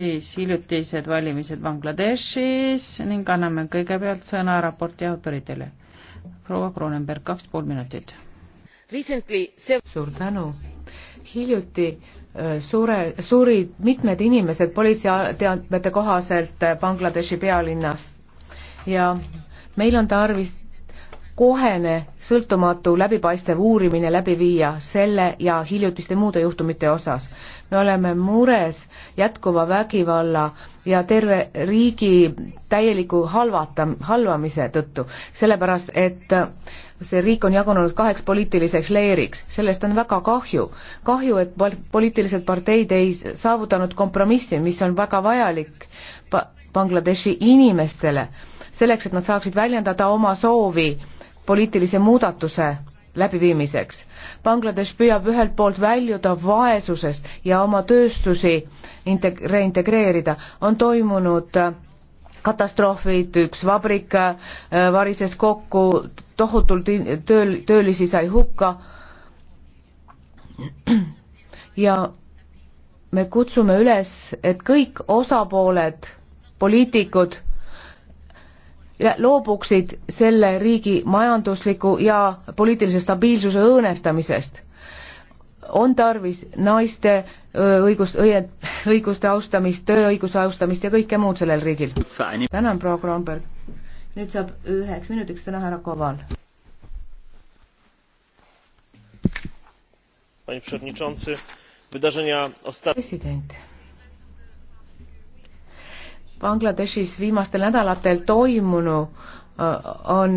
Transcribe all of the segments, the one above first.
siis hiljutised valimised Bangladeshis ning anname kõigepealt sõna raporti autoritele. proua Kronenberg, kaks pool minutit. suur tänu. hiljuti äh, sure, surid mitmed inimesed politseiteadmete kohaselt äh, Bangladeshi pealinnas ja meil on tarvis kohene sõltumatu läbipaistev uurimine läbi viia selle ja hiljutiste muude juhtumite osas. me oleme mures jätkuva vägivalla ja terve riigi täieliku halvata, halvamise tõttu, sellepärast et see riik on jagunenud kaheks poliitiliseks leeriks, sellest on väga kahju. kahju, et poliitilised parteid ei saavutanud kompromissi, mis on väga vajalik Bangladeshi inimestele, selleks, et nad saaksid väljendada oma soovi poliitilise muudatuse läbiviimiseks. Bangladesh püüab ühelt poolt väljuda vaesusest ja oma tööstusi reintegreerida, on toimunud äh, katastroofid, üks vabrik äh, varises kokku, tohutult tööl, töölisi sai hukka ja me kutsume üles, et kõik osapooled, poliitikud loobuksid selle riigi majandusliku ja poliitilise stabiilsuse õõnestamisest. on tarvis naiste õigust, õiguste austamist, tööõiguse austamist ja kõike muud sellel riigil. tänan, proua Kromberg. nüüd saab üheks minutiks sõna härra Koval. president Bangladeshis viimastel nädalatel toimunu on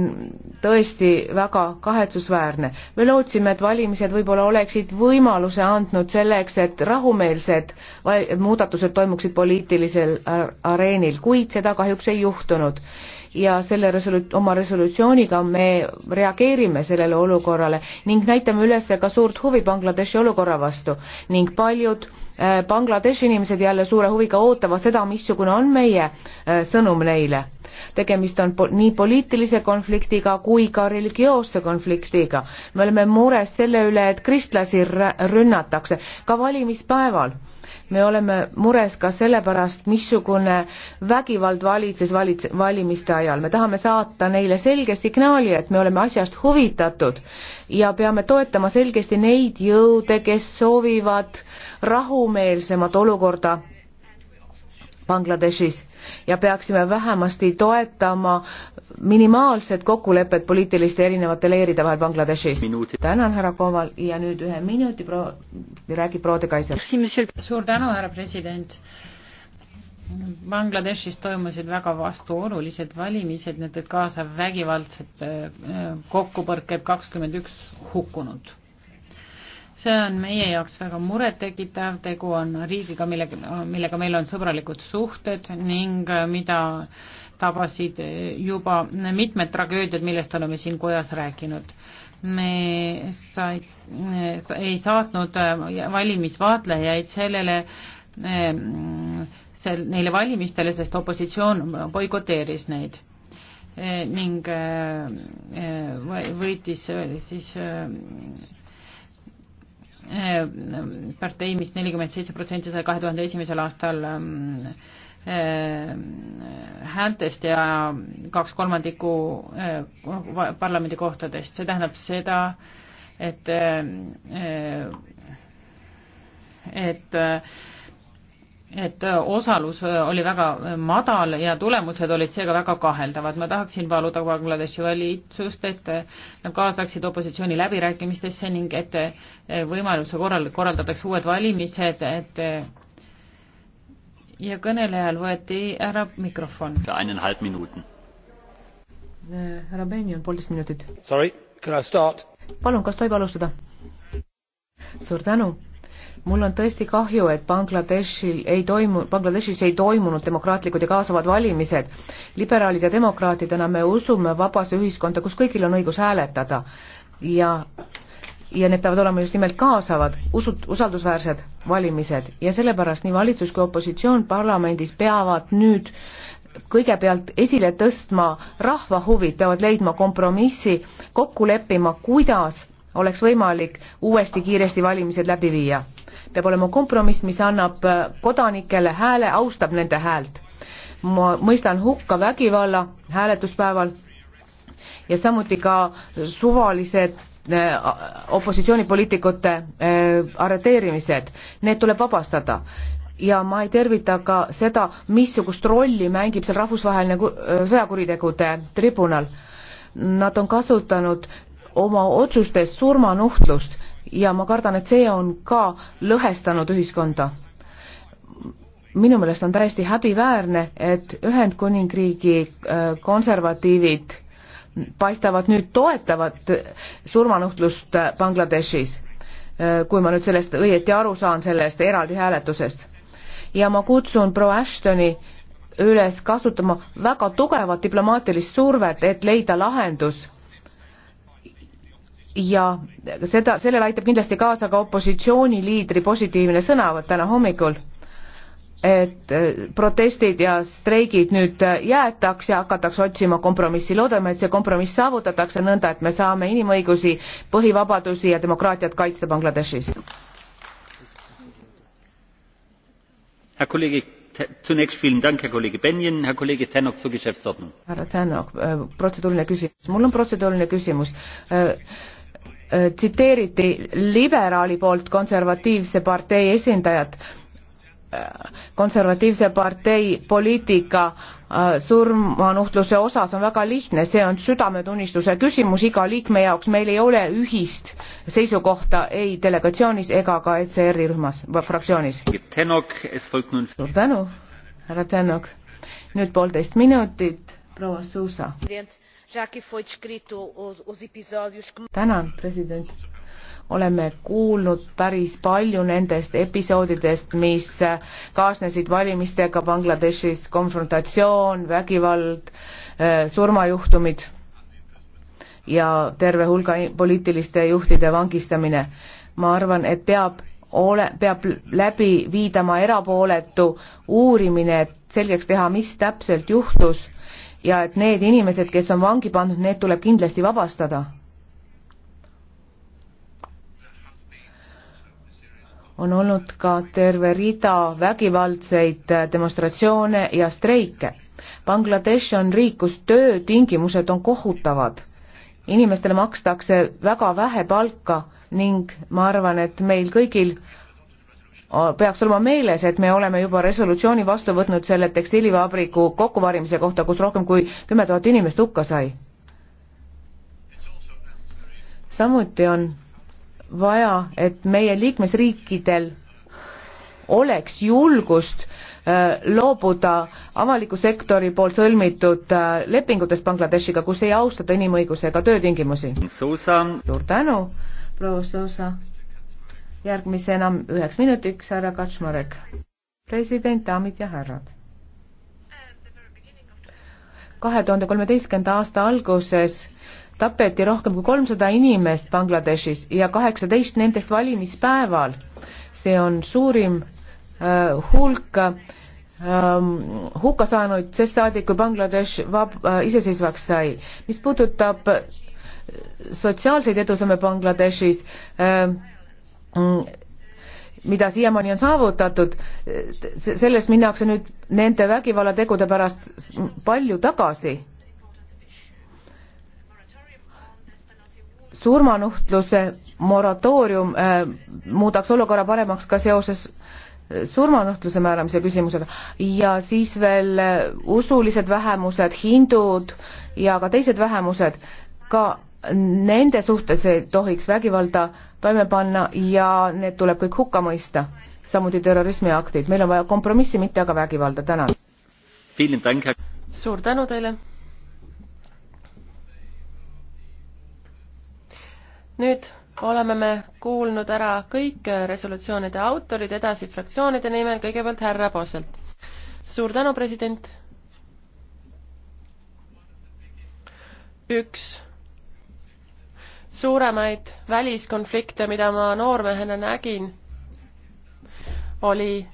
tõesti väga kahetsusväärne. me lootsime, et valimised võib-olla oleksid võimaluse andnud selleks, et rahumeelsed muudatused toimuksid poliitilisel areenil, kuid seda kahjuks ei juhtunud ja selle resolut-, oma resolutsiooniga me reageerime sellele olukorrale ning näitame üles ka suurt huvi Bangladeshi olukorra vastu ning paljud äh, Bangladeshi inimesed jälle suure huviga ootavad seda, missugune on meie äh, sõnum neile. tegemist on po nii poliitilise konfliktiga kui ka religioosse konfliktiga. me oleme mures selle üle, et kristlasi rünnatakse ka valimispäeval me oleme mures ka sellepärast, missugune vägivald valitses valits-, valimiste ajal. me tahame saata neile selge signaali, et me oleme asjast huvitatud ja peame toetama selgesti neid jõude, kes soovivad rahumeelsemat olukorda Bangladeshis ja peaksime vähemasti toetama minimaalset kokkulepet poliitiliste erinevate leeride vahel Bangladeshis. tänan, härra Koval ja nüüd ühe minuti pro-, räägib Rode Kaiser. suur tänu, härra president. Bangladeshis toimusid väga vastuolulised valimised, need tõid kaasa vägivaldsed äh, äh, kokkupõrked, kakskümmend üks hukkunut see on meie jaoks väga murettekitav, tegu on riigiga, millega, millega meil on sõbralikud suhted ning äh, mida tabasid äh, juba mitmed tragöödiad, millest oleme siin kojas rääkinud. me sai, äh, ei saatnud valimisvaatlejaid sellele, ähm, sel-, neile valimistele, sest opositsioon boikoteeris neid ning võitis siis partei mis, mis nelikümmend seitse protsenti sai kahe tuhande esimesel aastal ähm, äh, häältest ja kaks kolmandikku äh, parlamendikohtadest, see tähendab seda, et äh, et et äh, osalus äh, oli väga äh, madal ja tulemused olid seega väga kaheldavad. ma tahaksin paluda Bangladeshi valitsust, et nad kaasaksid opositsiooni läbirääkimistesse ning et võimaluse korral korraldatakse uued valimised, et ja kõnelejal võeti ära mikrofon. härra Benjon, poolteist minutit. palun, kas tohib alustada? suur tänu mul on tõesti kahju, et Bangladeshil ei toimu, Bangladeshis ei toimunud demokraatlikud ja kaasavad valimised. liberaalid ja demokraatidena me usume vabasse ühiskonda, kus kõigil on õigus hääletada ja ja need peavad olema just nimelt kaasavad, usut-, usaldusväärsed valimised ja sellepärast nii valitsus kui opositsioon parlamendis peavad nüüd kõigepealt esile tõstma rahva huvid, peavad leidma kompromissi, kokku leppima, kuidas oleks võimalik uuesti kiiresti valimised läbi viia. peab olema kompromiss, mis annab äh, kodanikele hääle, austab nende häält. ma mõistan hukka vägivalla hääletuspäeval ja samuti ka suvalised äh, opositsioonipoliitikute äh, arreteerimised, need tuleb vabastada ja ma ei tervita ka seda, missugust rolli mängib seal rahvusvaheline sõjakuritegude tribunal. Nad on kasutanud oma otsustes surmanuhtlust ja ma kardan, et see on ka lõhestanud ühiskonda. minu meelest on täiesti häbiväärne, et Ühendkuningriigi äh, konservatiivid paistavad nüüd toetavat surmanuhtlust äh, Bangladeshis, äh, kui ma nüüd sellest õieti aru saan, sellest eraldi hääletusest. ja ma kutsun proua Ashtoni üles kasutama väga tugevat diplomaatilist survet, et leida lahendus ja seda, sellele aitab kindlasti kaasa ka opositsiooniliidri positiivne sõnavõtt täna hommikul, et äh, protestid ja streigid nüüd äh, jäetaks ja hakatakse otsima kompromissi. loodame, et see kompromiss saavutatakse nõnda, et me saame inimõigusi, põhivabadusi ja demokraatiat kaitsta Bangladeshis. Herr Kollege zunächst vielen dank herr kollege bennion herr kollege tannock zur geschäftsordnung. härra tannock äh, protseduuriline küsimus mul on protseduuriline küsimus. Äh, tsiteeriti liberaali poolt konservatiivse partei esindajat. Äh, konservatiivse partei poliitika äh, surmanuhtluse osas on väga lihtne, see on südametunnistuse küsimus iga liikme jaoks, meil ei ole ühist seisukohta ei delegatsioonis ega ka ECR-i rühmas, fraktsioonis. suur tänu, härra Tänok. nüüd poolteist minutit, proua Zusa já que foi descrito os, os episódios que... Tänan, president. oleme kuulnud päris palju nendest episoodidest, mis kaasnesid valimistega Bangladeshis, konfrontatsioon, vägivald, eh, surmajuhtumid ja terve hulga poliitiliste juhtide vangistamine. ma arvan, et peab ole, peab läbi viidama erapooletu uurimine, et selgeks teha, mis täpselt juhtus ja et need inimesed, kes on vangi pandud, need tuleb kindlasti vabastada. on olnud ka terve rida vägivaldseid demonstratsioone ja streike. Bangladesh on riik, kus töötingimused on kohutavad. inimestele makstakse väga vähe palka ning ma arvan, et meil kõigil äh, peaks olema meeles, et me oleme juba resolutsiooni vastu võtnud selle tekstiilivabriku kokkuvarimise kohta, kus rohkem kui kümme tuhat inimest hukka sai. samuti on vaja, et meie liikmesriikidel oleks julgust äh, loobuda avaliku sektori poolt sõlmitud äh, lepingutest Bangladeshiga, kus ei austata inimõiguse ega töötingimusi. suur tänu, proua Sousa järgmisena üheks minutiks härra Kaczmarek. president, daamid ja härrad. kahe tuhande kolmeteistkümnenda aasta alguses tapeti rohkem kui kolmsada inimest Bangladeshis ja kaheksateist nendest valimispäeval. see on suurim äh, hulk äh, hukka saanuid sest saadik, kui Bangladesh vab- äh,, iseseisvaks sai. mis puudutab äh, sotsiaalseid edusamme Bangladeshis äh,, Mm, mida siiamaani on saavutatud, selles minnakse nüüd nende vägivallategude pärast palju tagasi. surmanuhtluse moratoorium äh, muudaks olukorra paremaks ka seoses äh, surmanuhtluse määramise küsimusega ja siis veel äh, usulised vähemused, hindud ja ka teised vähemused, ka nende suhtes ei tohiks vägivalda äh, toime panna ja need tuleb kõik hukka mõista, samuti terrorismiaktid. meil on vaja kompromissi, mitte aga vägivalda. tänan. suur tänu teile. nüüd oleme me kuulnud ära kõik resolutsioonide autorid, edasi fraktsioonide nimel, kõigepealt härra Posselt. suur tänu, president. üks suuremaid väliskonflikte, mida ma noormehena nägin, oli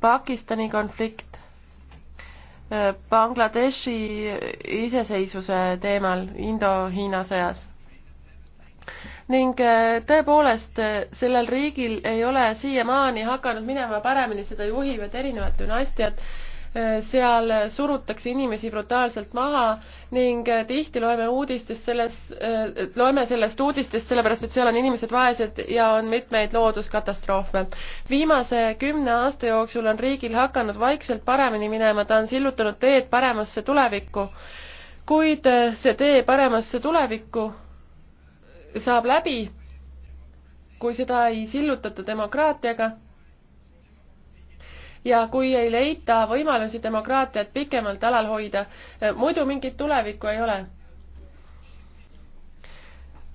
Pakistani konflikt, äh, Bangladeshi iseseisvuse teemal Indo-Hiina sõjas. ning äh, tõepoolest, äh, sellel riigil ei ole siiamaani hakanud minema paremini, seda juhivad erinevad dünastiad seal surutakse inimesi brutaalselt maha ning eh, tihti loeme uudistest selles, eh, loeme sellest uudistest sellepärast, et seal on inimesed vaesed ja on mitmeid looduskatastroofe. viimase kümne aasta jooksul on riigil hakanud vaikselt paremini minema, ta on sillutanud teed paremasse tulevikku. kuid eh, see tee paremasse tulevikku saab läbi, kui seda ei sillutata demokraatiaga ja kui ei leita võimalusi demokraatiat pikemalt alal hoida, eh, muidu mingit tulevikku ei ole.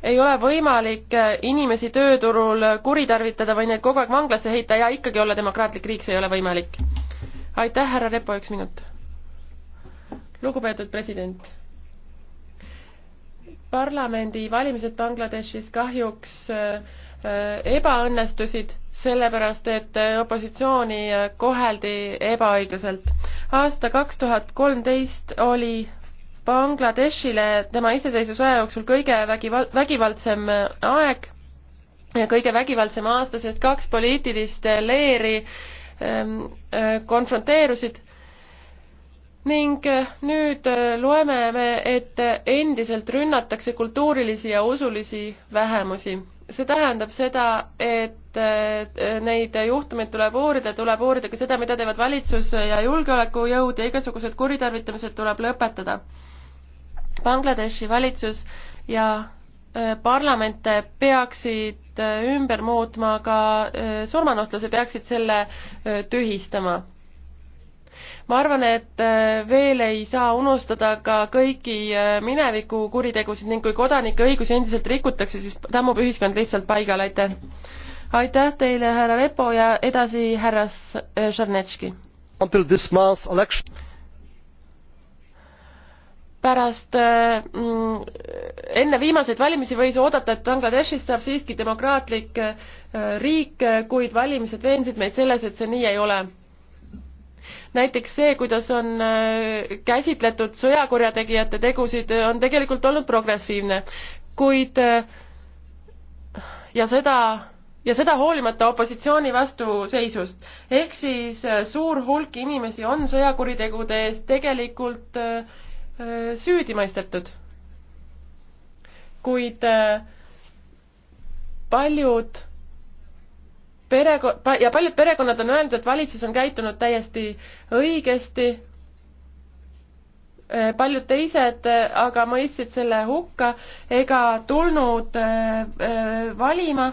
ei ole võimalik eh, inimesi tööturul kuritarvitada või neid kogu aeg vanglasse heita ja ikkagi olla demokraatlik riik, see ei ole võimalik. aitäh, härra Repo, üks minut. lugupeetud president parlamendivalimised Bangladeshis kahjuks eh, ebaõnnestusid sellepärast, et opositsiooni koheldi ebaõiglaselt. aasta kaks tuhat kolmteist oli Bangladeshile tema iseseisvusaja jooksul kõige vägival-, vägivaldsem aeg, kõige vägivaldsem aasta, sest kaks poliitilist leeri ähm, äh, konfronteerusid ning äh, nüüd äh, loeme me, et endiselt rünnatakse kultuurilisi ja usulisi vähemusi see tähendab seda, et neid juhtumeid tuleb uurida, tuleb uurida ka seda, mida teevad valitsus ja julgeolekujõud ja igasugused kuritarvitamised tuleb lõpetada. Bangladeshi valitsus ja e, parlamente peaksid e, ümber muutma ka e, surmanuhtluse, peaksid selle tühistama ma arvan, et äh, veel ei saa unustada ka kõiki äh, mineviku kuritegusid ning kui kodanike õigusi endiselt rikutakse, siis tammub ühiskond lihtsalt paigal, aitäh. aitäh teile, härra Repo ja edasi härra äh, Šarnetški. pärast äh,, mm, enne viimaseid valimisi võis oodata, et Bangladeshist saab siiski demokraatlik äh, riik, kuid valimised veensid meid selles, et see nii ei ole näiteks see, kuidas on äh, käsitletud sõjakurjategijate tegusid, on tegelikult olnud progressiivne, kuid äh, ja seda ja seda hoolimata opositsiooni vastuseisust. ehk siis äh, suur hulk inimesi on sõjakuritegude eest tegelikult süüdi mõistetud. kuid paljud pereko-, ja paljud perekonnad on öelnud, et valitsus on käitunud täiesti õigesti, äh, paljud teised äh, aga mõistsid selle hukka ega tulnud äh, valima,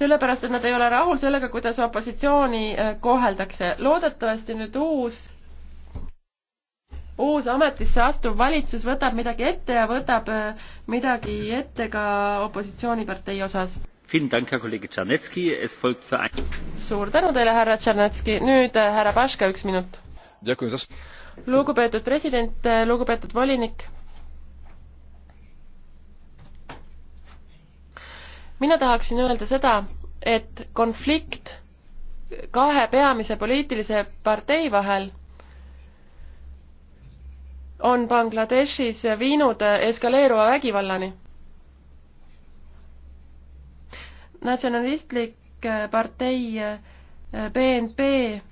sellepärast et nad ei ole rahul sellega, kuidas opositsiooni koheldakse. loodetavasti nüüd uus, uus ametisse astuv valitsus võtab midagi ette ja võtab midagi ette ka opositsioonipartei osas suur tänu teile, härra Tšernetski, nüüd äh, härra Paška, üks minut. lugupeetud president, äh, lugupeetud volinik. mina tahaksin öelda seda, et konflikt kahe peamise poliitilise partei vahel on Bangladeshis viinud eskaleeruva vägivallani natsionalistlik äh, partei äh, BNP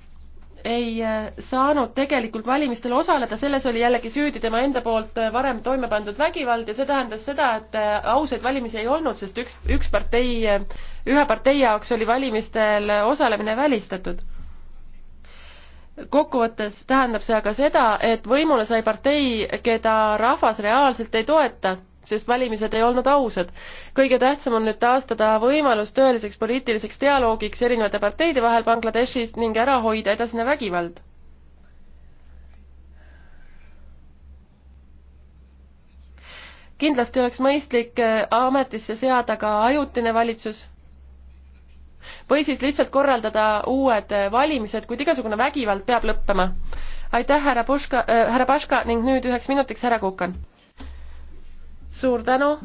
ei äh, saanud tegelikult valimistel osaleda, selles oli jällegi süüdi tema enda poolt varem toime pandud vägivald ja see tähendas seda, et ausaid valimisi ei olnud, sest üks, üks partei, ühe partei jaoks oli valimistel osalemine välistatud. kokkuvõttes tähendab see aga seda, et võimule sai partei, keda rahvas reaalselt ei toeta sest valimised ei olnud ausad. kõige tähtsam on nüüd taastada võimalus tõeliseks poliitiliseks dialoogiks erinevate parteide vahel Bangladeshis ning ära hoida edasine vägivald. kindlasti oleks mõistlik äh, ametisse seada ka ajutine valitsus või siis lihtsalt korraldada uued äh, valimised, kuid igasugune vägivald peab lõppema. aitäh, härra Puška äh,, härra Paška ning nüüd üheks minutiks härra Kukan suur tänu.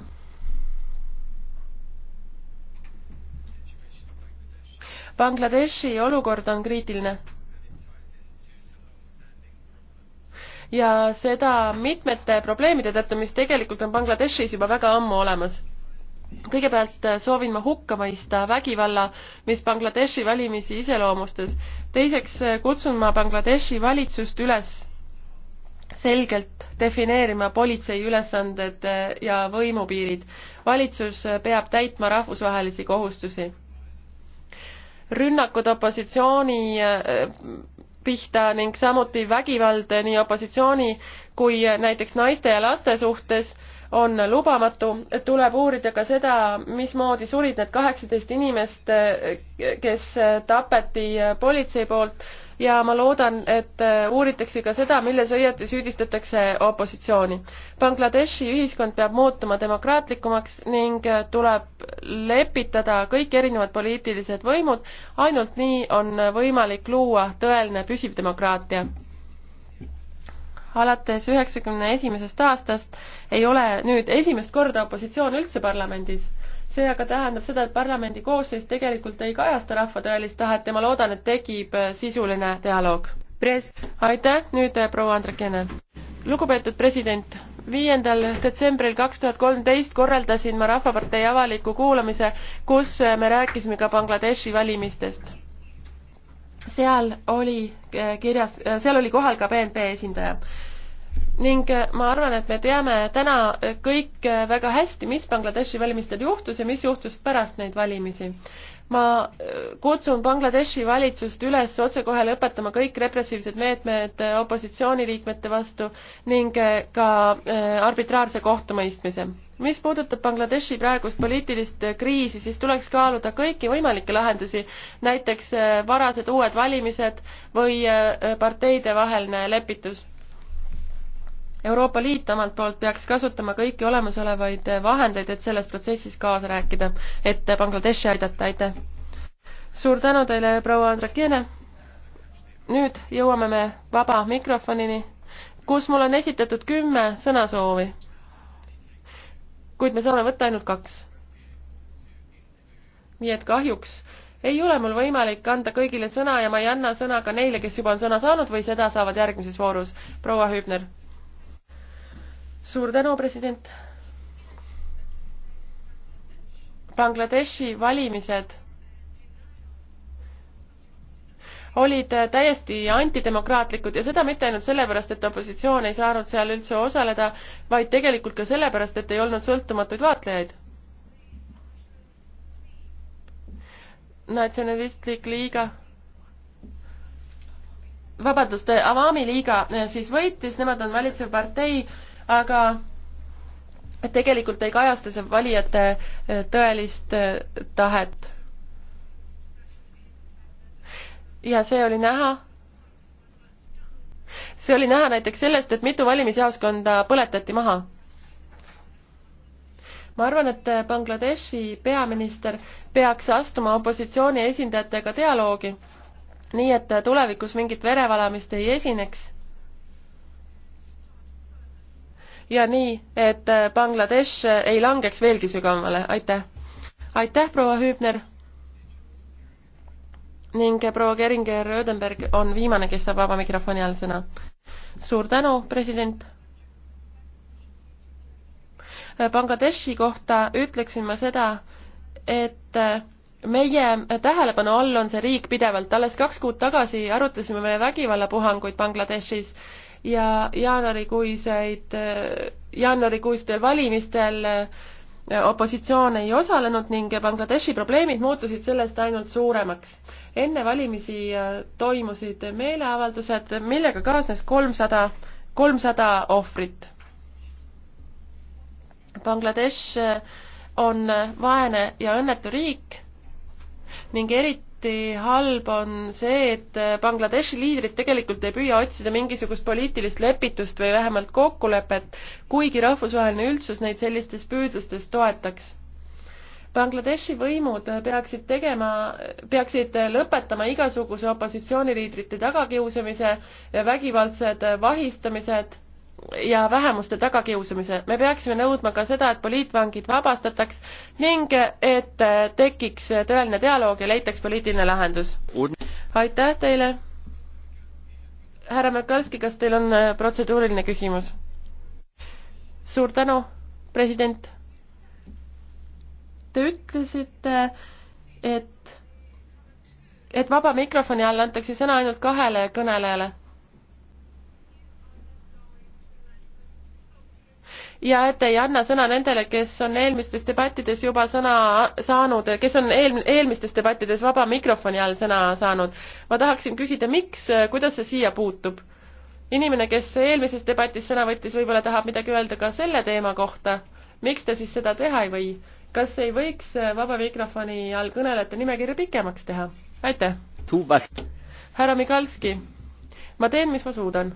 Bangladeshi olukord on kriitiline. ja seda mitmete probleemide tõttu, mis tegelikult on Bangladeshis juba väga ammu olemas kõigepealt äh, soovin ma hukka mõista vägivalla, mis Bangladeshi valimisi iseloomustas. teiseks äh, kutsun ma Bangladeshi valitsust üles selgelt defineerima politsei ülesanded äh, ja võimupiirid. valitsus äh, peab täitma rahvusvahelisi kohustusi. rünnakud opositsiooni äh, pihta ning samuti vägivald nii opositsiooni kui näiteks naiste ja laste suhtes on lubamatu, tuleb uurida ka seda, mismoodi surid need kaheksateist inimest, kes tapeti politsei poolt ja ma loodan, et äh, uuritakse ka seda, milles õieti süüdistatakse opositsiooni. Bangladeshi ühiskond peab muutuma demokraatlikumaks ning äh, tuleb lepitada kõik erinevad poliitilised võimud, ainult nii on võimalik luua tõeline püsiv demokraatia alates üheksakümne esimesest aastast ei ole nüüd esimest korda opositsioon üldse parlamendis see aga tähendab seda, et parlamendi koosseis tegelikult ei kajasta rahva tõelist tahet ja ma loodan, et tekib äh, sisuline dialoog. aitäh, nüüd äh, proua Andrekene. lugupeetud president viiendal detsembril kaks tuhat kolmteist korraldasin ma Rahvapartei avaliku kuulamise, kus äh, me rääkisime ka Bangladeshi valimistest. seal oli kirjas, seal oli kohal ka BNP esindaja ning äh, ma arvan, et me teame täna äh, kõik äh, väga hästi, mis Bangladeshi valimistel juhtus ja mis juhtus pärast neid valimisi. ma kutsun Bangladeshi valitsust üles otsekohe lõpetama kõik repressiivsed meetmed opositsiooniliikmete vastu ning ka arbitraarse kohtumõistmise mis puudutab Bangladeshi praegust poliitilist kriisi, siis tuleks kaaluda kõiki võimalikke lahendusi, näiteks varased uued valimised või parteide vaheline lepitus Euroopa Liit omalt poolt peaks kasutama kõiki olemasolevaid vahendeid, et selles protsessis kaasa rääkida, et Bangladeshi aidata, aitäh! suur tänu teile, proua Andrakiene! nüüd jõuame me vaba mikrofonini, kus mul on esitatud kümme sõnasoovi. kuid me saame võtta ainult kaks. nii et kahjuks ei ole mul võimalik anda kõigile sõna ja ma ei anna sõna ka neile, kes juba on sõna saanud või seda saavad järgmises voorus. proua Hübner suur tänu, president. Bangladeshi valimised olid täiesti antidemokraatlikud ja seda mitte ainult sellepärast, et opositsioon ei saanud seal üldse osaleda, vaid tegelikult ka sellepärast, et ei olnud sõltumatuid vaatlejaid. natsionalistlik liiga, vabandust, Avami liiga siis võitis, nemad on valitsev partei aga tegelikult ei kajasta see valijate eh, tõelist eh, tahet. ja see oli näha see oli näha näiteks sellest, et mitu valimisjaoskonda põletati maha. ma arvan, et eh, Bangladeshi peaminister peaks astuma opositsiooni esindajatega dialoogi, nii et tulevikus mingit verevalamist ei esineks ja nii, et äh, Bangladesh äh, ei langeks veelgi sügavamale, aitäh! aitäh, proua Hüübner! ning äh, proua Geringer-Ödenberg on viimane, kes saab vaba mikrofoni all sõna. suur tänu, president! Bangladeshi kohta ütleksin ma seda, et meie tähelepanu all on see riik pidevalt, alles kaks kuud tagasi arutasime me vägivallapuhanguid Bangladeshis ja jaanuarikuiseid, jaanuarikuistel valimistel äh, opositsioon ei osalenud ning Bangladeshi probleemid muutusid sellest ainult suuremaks. enne valimisi äh, toimusid meeleavaldused, millega kaasnes kolmsada, kolmsada ohvrit. Bangladesh äh, on vaene ja õnnetu riik ning eriti eriti halb on see, et äh, Bangladeshi liidrid tegelikult ei püüa otsida mingisugust poliitilist lepitust või vähemalt kokkulepet, kuigi rahvusvaheline üldsus neid sellistes püüdlustes toetaks. Bangladeshi võimud äh, peaksid tegema, peaksid äh, lõpetama igasuguse opositsiooniliidrite tagakiusamise, vägivaldsed vahistamised ja vähemuste tagakiusamise. me peaksime nõudma ka seda, et poliitvangid vabastataks ning et tekiks tõeline dialoog ja leitaks poliitiline lahendus. aitäh teile. härra Mekalski, kas teil on äh, protseduuriline küsimus? suur tänu, president. Te ütlesite, et, et vaba mikrofoni all antakse sõna ainult kahele kõnelejale ja et ei anna sõna nendele, kes on eelmistes debattides juba sõna saanud, kes on eel, eelmistes debattides vaba mikrofoni all sõna saanud. ma tahaksin küsida, miks, kuidas see siia puutub? inimene, kes eelmises debatis sõna võttis, võib-olla tahab midagi öelda ka selle teema kohta. miks ta siis seda teha ei või? kas ei võiks vaba mikrofoni all kõnelejate nimekirja pikemaks teha? aitäh! härra Mikalski, ma teen, mis ma suudan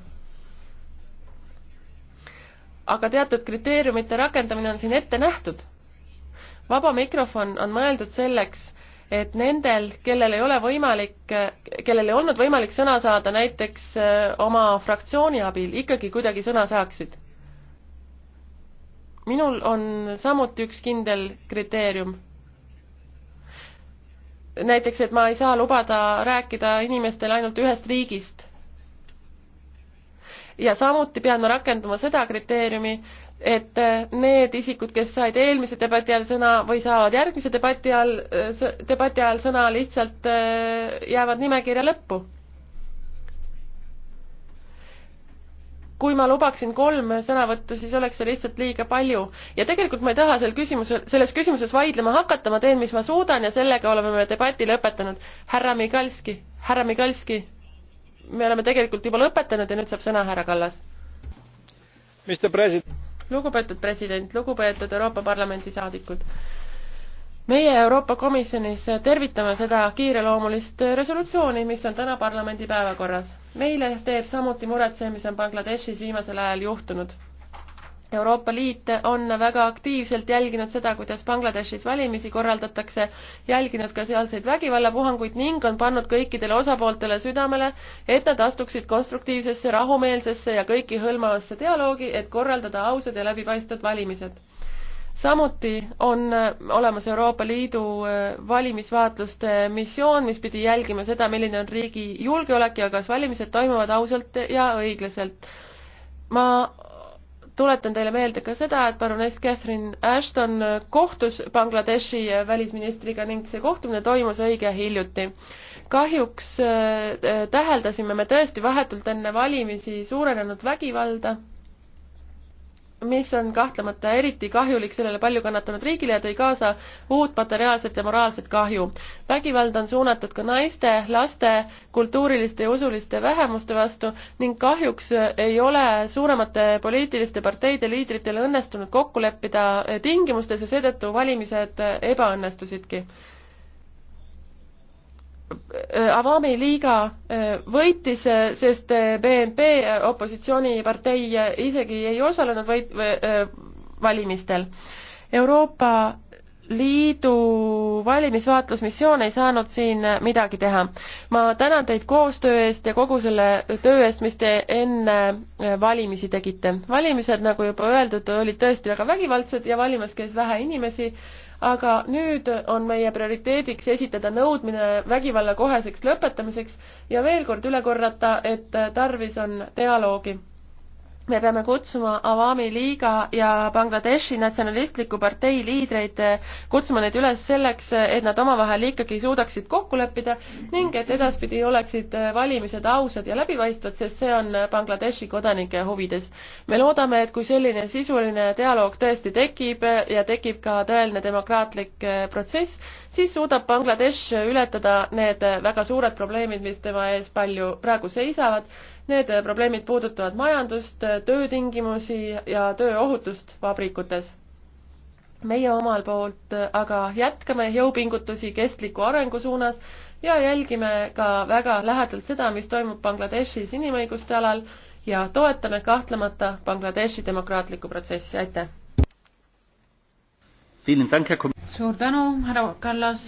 aga teatud kriteeriumite rakendamine on siin ette nähtud. vaba mikrofon on mõeldud selleks, et nendel, kellel ei ole võimalik, kellel ei olnud võimalik sõna saada näiteks eh, oma fraktsiooni abil, ikkagi kuidagi sõna saaksid. minul on samuti üks kindel kriteerium. näiteks, et ma ei saa lubada rääkida inimestele ainult ühest riigist ja samuti pean ma rakendama seda kriteeriumi, et äh, need isikud, kes said eelmise debati ajal sõna või saavad järgmise debati ajal, äh, debati ajal sõna, lihtsalt äh, jäävad nimekirja lõppu. kui ma lubaksin kolm sõnavõttu, siis oleks see lihtsalt liiga palju. ja tegelikult ma ei taha sel küsimusel, selles küsimuses vaidlema hakata, ma teen, mis ma suudan ja sellega oleme me debati lõpetanud. härra Migalski, härra Migalski me oleme tegelikult juba lõpetanud ja nüüd saab sõna härra Kallas. lugupeetud president, lugupeetud Euroopa Parlamendi saadikud. meie Euroopa Komisjonis tervitame seda kiireloomulist resolutsiooni, mis on täna parlamendi päevakorras. meile teeb samuti muret see, mis on Bangladeshis viimasel ajal juhtunud Euroopa Liit on väga aktiivselt jälginud seda, kuidas Bangladeshis valimisi korraldatakse, jälginud ka sealseid vägivallapuhanguid ning on pannud kõikidele osapooltele südamele, et nad astuksid konstruktiivsesse, rahumeelsesse ja kõiki hõlmavasse dialoogi, et korraldada ausad ja läbipaistvad valimised. samuti on äh, olemas Euroopa Liidu äh, valimisvaatluste missioon, mis pidi jälgima seda, milline on riigi julgeolek ja kas valimised toimuvad ausalt ja õiglaselt ma tuletan teile meelde ka seda, et baroness Catherine Ashton kohtus Bangladeshi välisministriga ning see kohtumine toimus õige hiljuti. kahjuks äh, äh, täheldasime me tõesti vahetult enne valimisi suurenenud vägivalda mis on kahtlemata eriti kahjulik sellele palju kannatanud riigile ja tõi kaasa uut materiaalset ja moraalset kahju. vägivald on suunatud ka naiste, laste, kultuuriliste ja usuliste vähemuste vastu ning kahjuks ei ole suuremate poliitiliste parteide liidritel õnnestunud kokku leppida tingimustes ja seetõttu valimised ebaõnnestusidki Äh, Avami liiga äh, võitis, äh, sest BNP opositsioonipartei isegi ei osalenud võit-, valimistel. Euroopa Liidu valimisvaatlusmissioon ei saanud siin midagi teha. ma tänan teid koostöö eest ja kogu selle töö eest, mis te enne äh, valimisi tegite. valimised, nagu juba öeldud, olid tõesti väga vägivaldsed ja valimas käis vähe inimesi, aga nüüd on meie prioriteediks esitada nõudmine vägivalla koheseks lõpetamiseks ja veel kord üle korrata, et äh, tarvis on dialoogi me peame kutsuma Awami Liiga ja Bangladeshi Natsionalistliku Partei liidreid, eh, kutsuma neid üles selleks, eh, et nad omavahel ikkagi suudaksid kokku leppida ning et edaspidi oleksid eh, valimised ausad ja läbipaistvad, sest see on Bangladeshi kodanike huvides. me loodame, et kui selline sisuline dialoog tõesti tekib ja tekib ka tõeline demokraatlik protsess, siis suudab Bangladesh ületada need väga suured probleemid, mis tema ees palju praegu seisavad Need äh, probleemid puudutavad majandust, äh, töötingimusi ja tööohutust vabrikutes. meie omalt poolt äh, aga jätkame jõupingutusi kestliku arengu suunas ja jälgime ka väga lähedalt seda, mis toimub Bangladeshis inimõiguste alal ja toetame kahtlemata Bangladeshi demokraatlikku protsessi, aitäh! suur tänu, härra Kallas!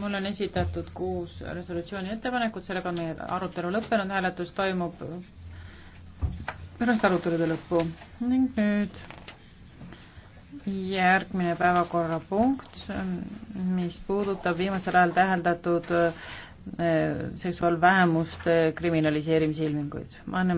mul on esitatud kuus resolutsiooni ettepanekut, sellega on meie arutelu lõppenud, hääletus toimub pärast arutelude lõppu ning nüüd järgmine päevakorrapunkt, mis puudutab viimasel ajal täheldatud eh, seksuaalvähemuste kriminaliseerimise ilminguid.